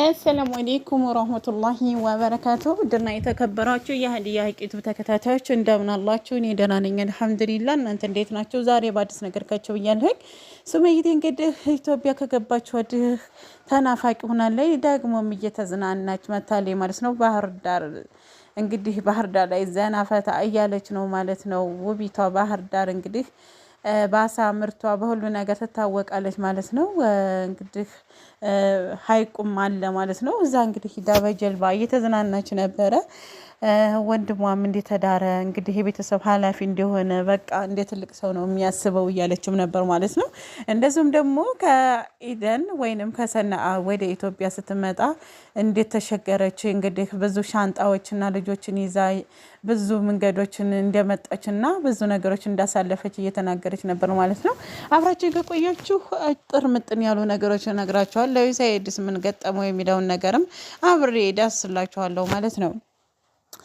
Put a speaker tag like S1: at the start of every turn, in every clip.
S1: አሰላሙ አሌይኩም ወረህመቱላሂ ወበረካቱ ድና የተከበራችሁ የሀዲያ ዩቲዩብ ተከታታዮች እንደምን አላችሁ? እኔ ደህና ነኝ አልሐምዱሊላህ። እናንተ እንዴት ናችሁ? ዛሬ በአዲስ ነገር ካቸው ብያለሁ። ሱመይቴ እንግዲህ ኢትዮጵያ ከገባች ወዲህ ተናፋቂ ሆናለች። ደግሞም እየተዝናናች መታለች ማለት ነው። ባህር ዳር እንግዲህ ባህር ዳር ላይ ዘና ፈታ እያለች ነው ማለት ነው። ውቢቷ ባህር ዳር እንግዲህ በአሳ ምርቷ በሁሉ ነገር ትታወቃለች ማለት ነው። እንግዲህ ሀይቁም አለ ማለት ነው። እዛ እንግዲህ ሂዳ በጀልባ እየተዝናናች ነበረ። ወንድሟም እንደተዳረ እንግዲህ የቤተሰብ ኃላፊ እንደሆነ በቃ እንደ ትልቅ ሰው ነው የሚያስበው እያለችም ነበር ማለት ነው። እንደዚሁም ደግሞ ከኢደን ወይንም ከሰናአ ወደ ኢትዮጵያ ስትመጣ እንዴት ተሸገረች እንግዲህ ብዙ ሻንጣዎችና ልጆችን ይዛ ብዙ መንገዶችን እንደመጣችና ብዙ ነገሮች እንዳሳለፈች እየተናገረች ነበር ማለት ነው። አብራችን ከቆያችሁ አጥር ምጥን ያሉ ነገሮች ነግራችኋል። ለዩሳኤድስ ምን ገጠመው የሚለውን ነገርም አብሬ ዳስላችኋለሁ ማለት ነው።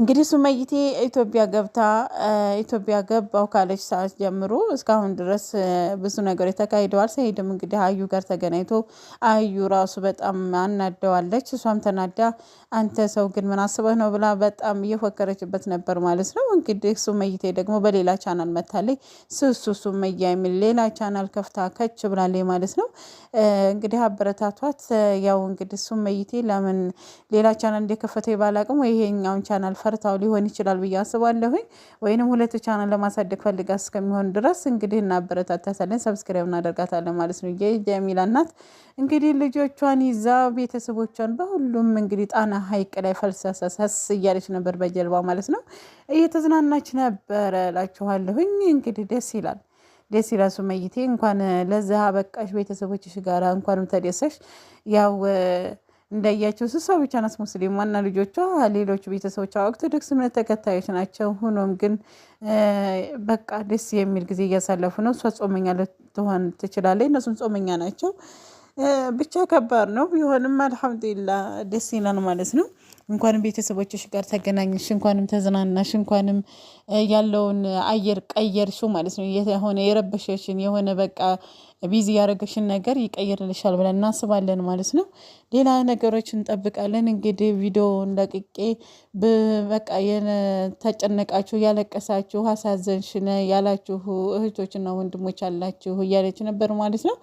S1: እንግዲህ ሱመይቴ ኢትዮጵያ ገብታ ኢትዮጵያ ገባው ካለች ሰዓት ጀምሮ እስካሁን ድረስ ብዙ ነገሮች ተካሂደዋል። ሰኢድም እንግዲህ አዩ ጋር ተገናኝቶ አዩ ራሱ በጣም አናደዋለች። እሷም ተናዳ አንተ ሰው ግን ምን አስበህ ነው ብላ በጣም እየፎከረችበት ነበር ማለት ነው። እንግዲህ ሱመይቴ ደግሞ በሌላ ቻናል መታለች። ስሱ ሱመያ የሚል ሌላ ቻናል ከፍታ ከች ብላለች ማለት ነው። እንግዲህ አበረታቷት። ያው እንግዲህ ሱመይቴ ለምን ሌላ ቻናል እንደከፈተ ባላቅም ወይ ይሄኛውን ቻናል ፈርታው ሊሆን ይችላል ብዬ አስባለሁኝ። ወይንም ሁለት ቻናል ለማሳደግ ፈልጋ እስከሚሆን ድረስ እንግዲህ እናበረታታታለን፣ ሰብስክራይብ እናደርጋታለን ማለት ነው። የጀሚላ እናት እንግዲህ ልጆቿን ይዛ ቤተሰቦቿን በሁሉም እንግዲህ ጣና ሐይቅ ላይ ፈልሰሰሰስ እያለች ነበር በጀልባ ማለት ነው። እየተዝናናች ነበረ እላችኋለሁኝ። እንግዲህ ደስ ይላል ደስ ይላል። ሱመይቴ እንኳን ለዚህ አበቃሽ። ቤተሰቦችሽ ጋር እንኳንም ተደሰሽ ያው እንዳያቸው ስሷ ብቻ ናት ሙስሊም ዋና ልጆቿ ሌሎቹ ቤተሰቦቿ ኦርቶዶክስ እምነት ተከታዮች ናቸው። ሆኖም ግን በቃ ደስ የሚል ጊዜ እያሳለፉ ነው። እሷ ጾመኛ ልትሆን ትችላለች፣ እነሱም ጾመኛ ናቸው። ብቻ ከባድ ነው ቢሆንም አልሐምዱሊላ ደስ ይላል ማለት ነው። እንኳንም ቤተሰቦችሽ ጋር ተገናኘሽ፣ እንኳንም ተዝናናሽ፣ እንኳንም ያለውን አየር ቀየርሽው ማለት ነው። የሆነ የረበሸሽን የሆነ በቃ ቢዚ ያደረገሽን ነገር ይቀይርልሻል ብለን እናስባለን ማለት ነው። ሌላ ነገሮች እንጠብቃለን። እንግዲህ ቪዲዮን ለቅቄ በቃ ተጨነቃችሁ፣ ያለቀሳችሁ፣ አሳዘንሽን ያላችሁ እህቶችና ወንድሞች አላችሁ እያለች ነበር ማለት ነው።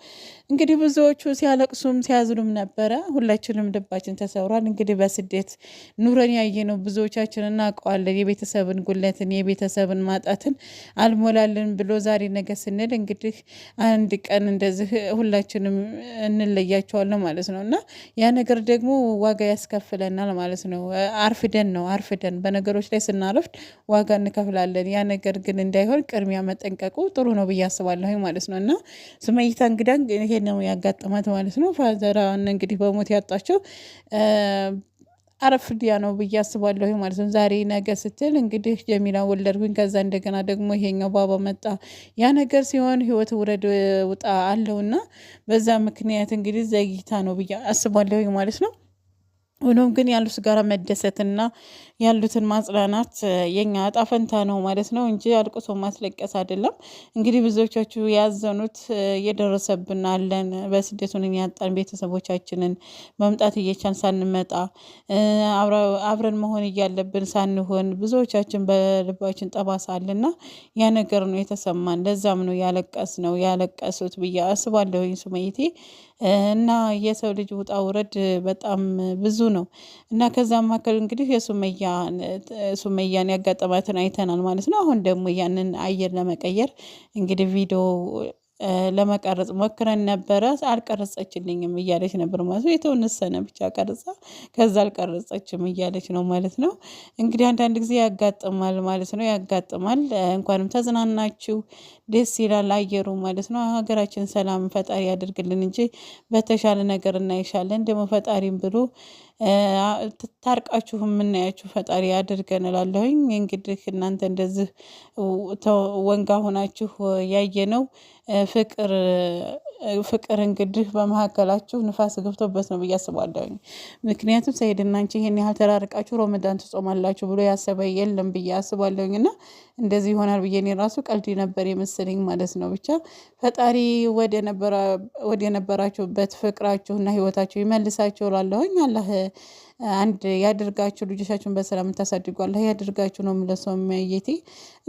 S1: እንግዲህ ብዙዎቹ ሲያለቅሱም ሲያዝኑም ነበረ። ሁላችንም ልባችን ተሰብሯል። እንግዲህ በስደት ኑረን ያየ ነው ብዙዎቻችን እናውቀዋለን። የቤተሰብን ጉለትን የቤተሰብን ማጣትን አልሞላልን ብሎ ዛሬ ነገ ስንል እንግዲህ አንድ ቀን እንደዚህ ሁላችንም እንለያቸዋለን ማለት ነው። እና ያ ነገር ደግሞ ዋጋ ያስከፍለናል ማለት ነው። አርፍደን ነው አርፍደን በነገሮች ላይ ስናረፍድ ዋጋ እንከፍላለን። ያ ነገር ግን እንዳይሆን ቅድሚያ መጠንቀቁ ጥሩ ነው ብዬ አስባለሁ ማለት ነው። እና ስመይታ እንግዳ ይሄ ነው ያጋጠማት ማለት ነው። ፋዘራን እንግዲህ በሞት ያጣቸው አረፍዲያ ነው ብዬ አስባለሁ ማለት ነው። ዛሬ ነገ ስትል እንግዲህ ጀሚላ ወለድኩኝ፣ ከዛ እንደገና ደግሞ ይሄኛው ባባ መጣ። ያ ነገር ሲሆን ህይወት ውረድ ውጣ አለውና በዛ ምክንያት እንግዲህ ዘግይታ ነው ብዬ አስባለሁ ማለት ነው። ሆኖም ግን ያሉት ጋር መደሰትና ያሉትን ማጽናናት የኛ እጣ ፈንታ ነው ማለት ነው እንጂ አልቅሶ ማስለቀስ አይደለም። እንግዲህ ብዙዎቻችሁ ያዘኑት እየደረሰብን አለን፣ በስደቱን የሚያጣን ቤተሰቦቻችንን መምጣት እየቻን ሳንመጣ አብረን መሆን እያለብን ሳንሆን ብዙዎቻችን በልባችን ጠባሳ አለና ያ ነገር ነው የተሰማን። ለዛም ነው ያለቀስ ነው ያለቀሱት ብዬ አስባለሁኝ ሱመይቴ እና የሰው ልጅ ውጣ ውረድ በጣም ብዙ ነው እና ከዛ መካከል እንግዲህ የሱመያን ያጋጠማትን አይተናል ማለት ነው። አሁን ደግሞ ያንን አየር ለመቀየር እንግዲህ ቪዲዮ ለመቀረጽ ሞክረን ነበረ። አልቀረጸችልኝም እያለች ነበር ማለት ነው። የተወነሰነ ብቻ ቀርጻ ከዛ አልቀረጸችም እያለች ነው ማለት ነው። እንግዲህ አንዳንድ ጊዜ ያጋጥማል ማለት ነው። ያጋጥማል። እንኳንም ተዝናናችሁ። ደስ ይላል አየሩ ማለት ነው። ሀገራችን ሰላም ፈጣሪ ያደርግልን እንጂ በተሻለ ነገር እናይሻለን። ደግሞ ፈጣሪም ብሎ ታርቃችሁ የምናያችሁ ፈጣሪ አድርገን እላለሁኝ። እንግዲህ እናንተ እንደዚህ ወንጋ ሆናችሁ ያየ ነው ፍቅር ፍቅር እንግዲህ በመካከላችሁ ንፋስ ገብቶበት ነው ብዬ አስባለሁኝ። ምክንያቱም ሰኢድና አንቺ ይሄን ያህል ተራርቃችሁ ሮመዳን ትጾማላችሁ ብሎ ያሰበ የለም ብዬ አስባለሁኝ። እና እንደዚህ ይሆናል ብዬ እኔ ራሱ ቀልድ ነበር የመሰለኝ ማለት ነው። ብቻ ፈጣሪ ወደ ነበራችሁበት እና ህይወታችሁ ይመልሳችሁ እላለሁኝ አላህ አንድ ያድርጋችሁ። ልጆቻችሁን በሰላም የምታሳድጉ ያድርጋችሁ ነው ምለሰው የሚያየቴ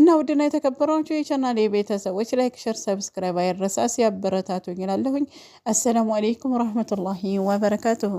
S1: እና ውድና የተከበራችሁ የቻናል የቤተሰቦች ላይክ፣ ሸር፣ ሰብስክራይብ አይረሳ ሲያበረታቱኝ ይላለሁኝ። አሰላሙ አሌይኩም ወረህመቱላሂ ወበረካቱሁ።